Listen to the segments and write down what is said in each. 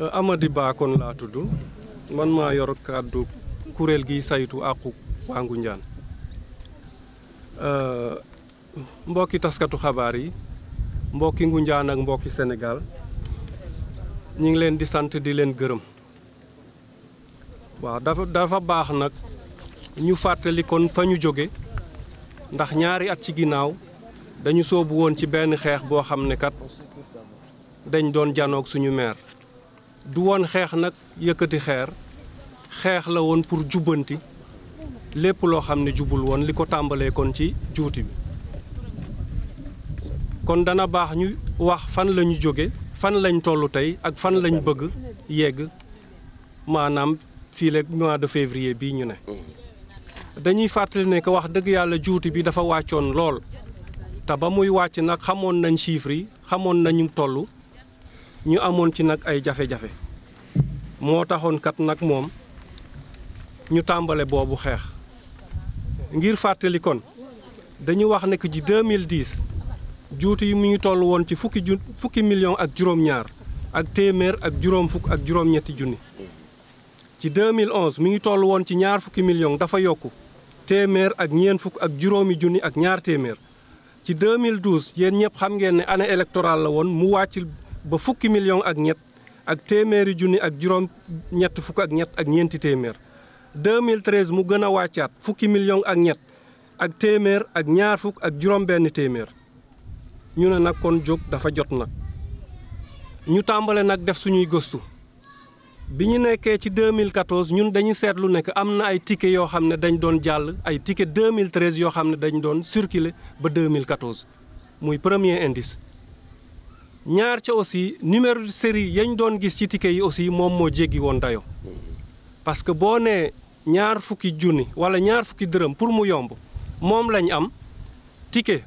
Euh, Amady Ba kon laa tudd man maa yor kàddu kuréel gi saytu àqu waa Ngoundiane euh, mbokki taskatu xabaar yi mbokki Ngoundiane ak mbokki Sénégal ñi ngi leen di sant di leen gërëm waaw dafa dafa baax nag ñu fàttali kon fa ñu jóge ndax ñaari at ci ginnaaw dañu soobu woon ci benn xeex boo xam ne kat dañ doon janoog suñu meer du woon xeex nag yëkkati xeer xeex la woon pour jubbanti lépp loo xam ne jubul woon li ko tàmbalee kon ci juuti bi kon dana baax ñu wax fan la ñu jóge fan lañ toll tey ak fan lañ bëgg yegg maanaam fii la mois de février bii ñu ne dañuy fàttali ne que wax dëgg yàlla juuti bi dafa wàccoon lool te ba muy wàcc nag xamoon nañ chiffres yi xamoon nañu tollu ñu amoon ci nag ay jafe-jafe moo taxoon kat nag moom ñu tàmbale boobu xeex ngir fàttali kon dañu wax ne que ji 2010 juuti yi mu ngi toll woon ci fukki fukki million ak juróom ak téeméer ak juróom fukk ak juróom-ñetti junni ci 2011 mi ngi toll woon ci ñaar fukki million dafa yokk téeméer ak ñeen fukk ak juróomi junni ak ñaar téeméer ci 2012 yéen ñëpp xam ngeen ne année électorale la woon mu wàcc ba fukki million ak ñett ak téeméeri junni ak juróom ñett fukk ak ñett ak ñeenti téeméer 2013 mu gën a wàccaat fukki million ak ñett ak téeméer ak ñaar fukk ak juróom benn téeméer ñu ne nag kon jóg dafa jot nag ñu tàmbale nag def suñuy gëstu bi ñu nekkee ci 2014 ñun dañu seetlu ne que am na ay ticket yoo xam ne dañ doon jàll ay ticket 2013 yoo xam ne dañu doon circuler ba 2014 muy premier indice ñaar ca aussi numéro de série yañ doon gis ci ticket yi aussi moom moo jéggi woon dayo parce que boo nee ñaar fukki junni wala ñaar fukki dërëm pour mu yomb moom lañu am ticket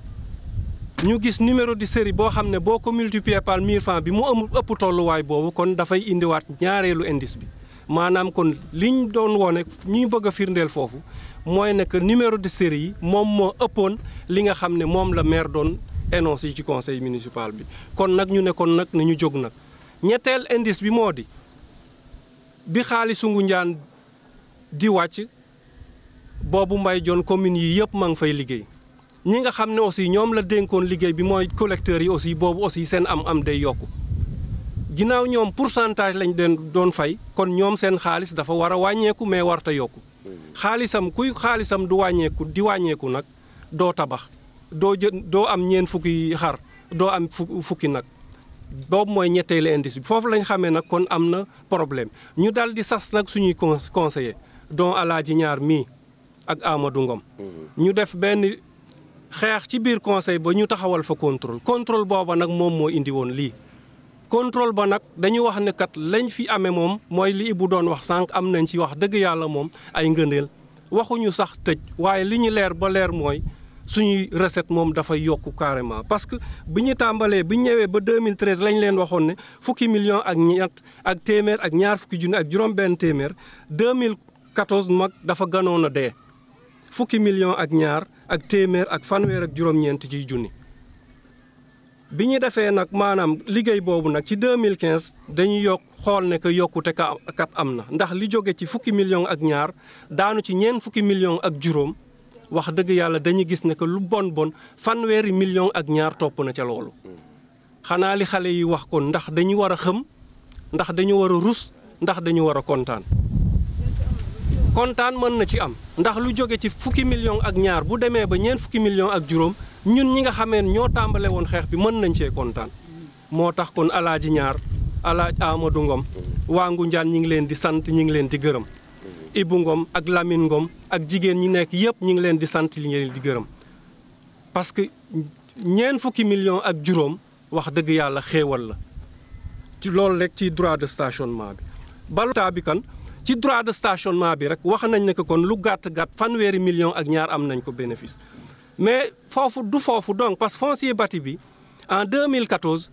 ñu gis numéro de série boo xam ne boo ko multiplier par 1000 francs bi mu amul ëpp tolluwaay boobu kon dafay indiwaat ñaareelu indice bi maanaam kon liñ doon woone ñi bëgg a firndeel foofu mooy ne que numéro de série yi moom moo ëppoon li nga xam ne moom la maire doon énonce yi ci conseil municipal bi kon nag ñu ne nag nag ñu jóg nag ñetteel indice bi moo di bi xaalisu Ngoundiane di wàcc boobu mbay joon communes yi yëpp ma ngi fay liggéey ñi nga xam ne aussi ñoom la dénkoon liggéey bi mooy collecteurs yi aussi boobu aussi seen am-am day yokku ginnaaw ñoom pourcentage lañ den doon fay kon ñoom seen xaalis dafa war a wàññeeku mais warta yokku xaalisam kuy xaalisam du wàññeeku di wàññeeku nag doo tabax doo jë doo am ñeen fukki xar doo am fukki nag boobu mooy ñetteelu indice bi foofu lañ xamee nag kon am na problème ñu daal di sas nag suñuy conseiller don alaaji ñaar mii ak Amadou Ngom mhm. ñu def benn xeex ci biir conseil ba ñu taxawal fa contrôle contrôle booba nag moom moo indi woon lii contrôle ba nag dañu wax ne kat lañ fi amee moom mooy li Ibou doon wax sànq am nañ ci wax dëgg yàlla moom ay ngëneel waxuñu sax tëj waaye li ñu leer ba leer mooy suñuy recette moom dafa yokk carrément parce que bi ñu tàmbalee bi ñu ñëwee ba 2013 lañ leen waxoon ne fukki million ak ñett ak téeméer ak ñaar fukki junni ak juróom-benn téeméer 2014 mag dafa ganoon a dee fukki million ak ñaar ak téeméer ak fanweer ak juróom-ñeent ciy junni. bi ñu defee nag maanaam liggéey boobu nag ci 2015 dañuy yokk xool ne que yokkute kat am na ndax li jóge ci fukki million ak ñaar daanu ci ñeent fukki million ak juróom. wax dëgg yàlla dañu gis ne que lu bon bon fanweeri million ak ñaar topp na ca loolu. xanaa li xale yi wax kon ndax dañu war a xëm ndax dañu war a rus ndax dañu war a kontaan. kontaan mën na ci am ndax lu jóge ci fukki million ak ñaar bu demee ba ñeent fukki million ak juróom ñun ñi nga xameen ñoo tàmbale woon xeex bi mën nañ cee kontaan. moo tax kon alaaji ñaar alaaj Amadou Ngom waa Ngunjaan ñi ngi leen di sant ñi ngi leen di gërëm. Ibou ngoom ak Lamine ngoom ak jigéen ñi nekk yëpp ñu ngi leen di sant li ngeen di gërëm parce que ñeen fukki million ak juróom wax dëgg yàlla xéewal la ci loolu rek ci droit de stationnement bi balota bi kan ci droit de stationnement bi rek wax nañ ne que kon lu gàtt-gàtt fanweeri million ak ñaar am nañ ko bénéfice mais foofu du foofu donc parce que foncier bâti bi en 2014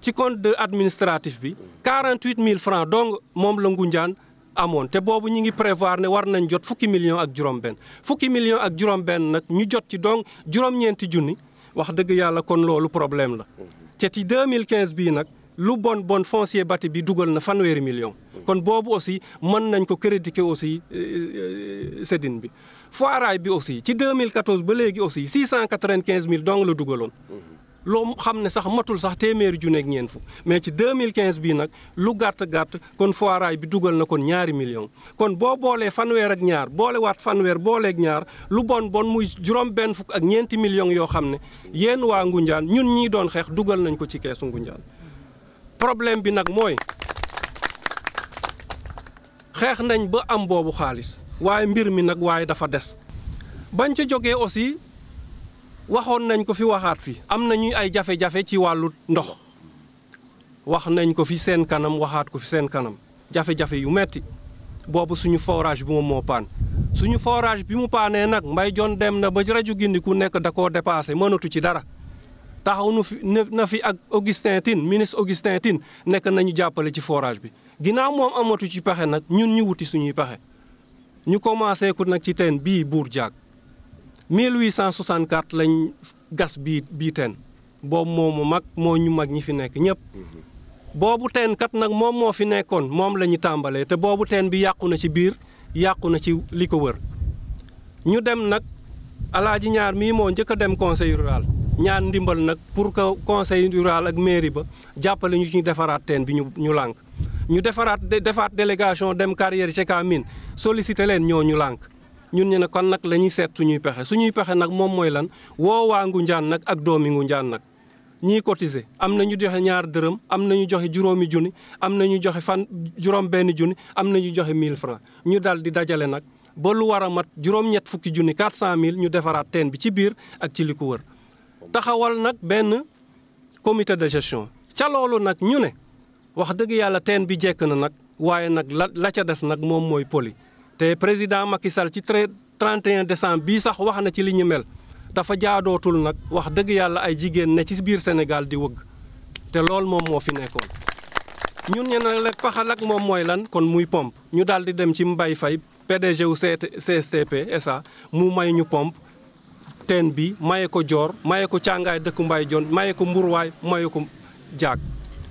ci compte de administratif bi 48 000 francs dong moom la ngu njaan amoon te boobu ñu ngi prévoir ne war nañ jot fukki million ak juróom-benn fukki million ak juróom-benn nag ñu jot ci donc juróom-ñeenti junni wax dëgg yàlla kon loolu problème la. te ci 2015 bii nag lu bon bon foncier bâti bi dugal na fanweeri million. kon boobu aussi mën nañ ko critiquer aussi euh, euh, Sedine bi. foiraay bi aussi ci 2014 ba léegi aussi 695 mille dong la dugaloon. loo xam ne sax matul sax téeméeri junne ak ñeent fukk mais ci 2015 bii nag lu gàtt gàtt kon foiraay bi dugal na kon ñaari million kon boo boolee fanweer ak ñaar boolewaat fanweer booleeg ñaar lu bon bon muy juróom benn fukk ak ñeenti million yoo xam ne yéen waa Ngoundiane ñun ñii doon xeex dugal nañ ko ci keesu Ngoundiane problème bi nag mooy xeex nañ ba am boobu xaalis waaye mbir mi nag waaye dafa des bañ ca jógee aussi. waxoon nañ ko fi waxaat fi am na ñuy ay jafe-jafe ci wàllu ndox wax nañ ko fi seen kanam waxaat ko fi seen kanam jafe-jafe yu metti boobu suñu forage bi moom moo paan suñu forage bi mu paanee nag mbay jon dem na ba rajo gindi ku nekk da ko dépassé mënatu ci dara taxaw nu fi na fi ak Augustin Tine ministre nekk nañu jàppale ci forage bi ginnaaw moom amatu ci pexe nag ñun ñu wuti suñuy pexe ñu commencé ku nag ci teen bii buur jaag 1864 lañ gas bii bi teen boobu moo mu mag moo ñu mag ñi fi nekk ñëpp boobu teen nag moom moo fi nekkoon moom la ñu tàmbalee te boobu teen bi yàqu na ci biir yàqu na ci li ko wër ñu dem nag alaaji ñaar mii moo njëkk a dem conseil rural ñaan ndimbal nag pour que conseil rural ak mairie ba jàppale ñu ci defaraat teen bi ñu ñu lànk ñu defaraat defaat délégation dem carrière ca mine sollicité leen ñoo ñu lànk ñun ñu ne kon nag la ñuy seet suñuy pexe suñuy pexe nag moom mooy lan woo waa Ngoundiane nag ak doomi Ngoundiane nag ñii cotiser am na ñu joxe ñaar dërëm am na ñu joxe juróomi junni am na ñu joxe fan juróom benn am na joxe 1000 francs ñu daal di dajale nag ba lu war a mat juróom-ñett fukki junni 400000 ñu defaraat teen bi ci biir ak ci li ko wër taxawal nag benn comité de gestion ca loolu nag ñu ne wax dëgg yàlla teen bi jekk na nag waaye nag la la ca des nag moom mooy poli te président Macky Sall ci 31 décembre bii sax wax na ci li ñu mel dafa jaadootul nag wax dëgg yàlla ay jigéen ne ci biir Sénégal di wëgg te loolu moom moo fi nekkoon. ñun ñu ne leen paxal ak moom mooy lan kon muy pompe ñu daal di dem ci Mbaye fay PDG wu CSTP SA mu may ñu pompe. teen bi maye ko joor maye ko càngaay dëkku mbay jon maye ko mburwaay maye ko jaag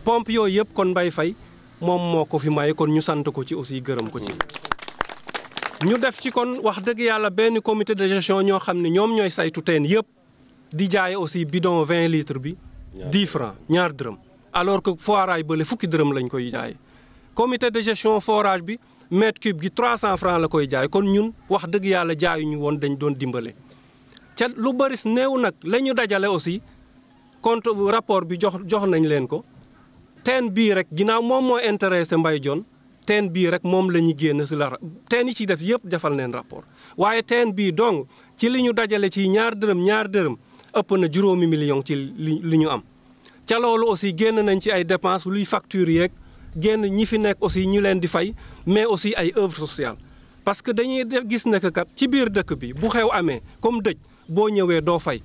pompe yooyu yëpp kon mbay fay moom moo ko fi maye kon ñu sant ko ci aussi gërëm ko ci ñu def ci kon wax dëgg yàlla benn comité de gestion ñoo xam ne ñoom ñooy saytu teen yëpp di jaaye aussi bidon 20 litres bi 10 francs ñaar dërëm alors que forage bële fukki dërëm lañ koy jaay comité de gestion forage bi mètre cube gi 300 francs la koy jaay kon ñun wax dëgg yàlla jaayuñu woon dañu doon dimbale ca lu bëri néew nag la ñu dajale aussi compte rapport bi jox jox nañ leen ko teen bii rek ginnaaw moom moo intéressé mbay Dione teen bii rek moom la ñu génn si la teen yi ciy def yëpp defal neen rapport waaye teen bii dong ci li ñu dajale ci ñaar dërëm ñaar dërëm ëpp na juróomi million ci li li ñu am. ca loolu aussi génn nañ ci ay dépenses luy facture yeeg génn ñi fi nekk aussi ñu leen di fay mais aussi ay œuvres sociales parce que dañuy def gis na kat ci biir dëkk bi bu xew amee comme dëj boo ñëwee doo fay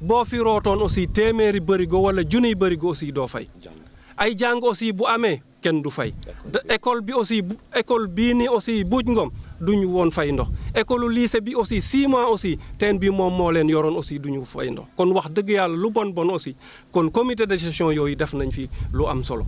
boo fi rootoon aussi téeméeri bërigo wala junniy bërigo aussi doo fay. ay jàng aussi bu amee. kenn du fay te école bi aussi école bii ni aussi buuj ngoom duñu woon fay ndox école liise bi aussi six aussi teen bi moom moo leen yoroon aussi duñu fay ndox kon wax dëgg yàlla lu bon bon aussi kon comité de gestion yooyu def nañ fi lu am solo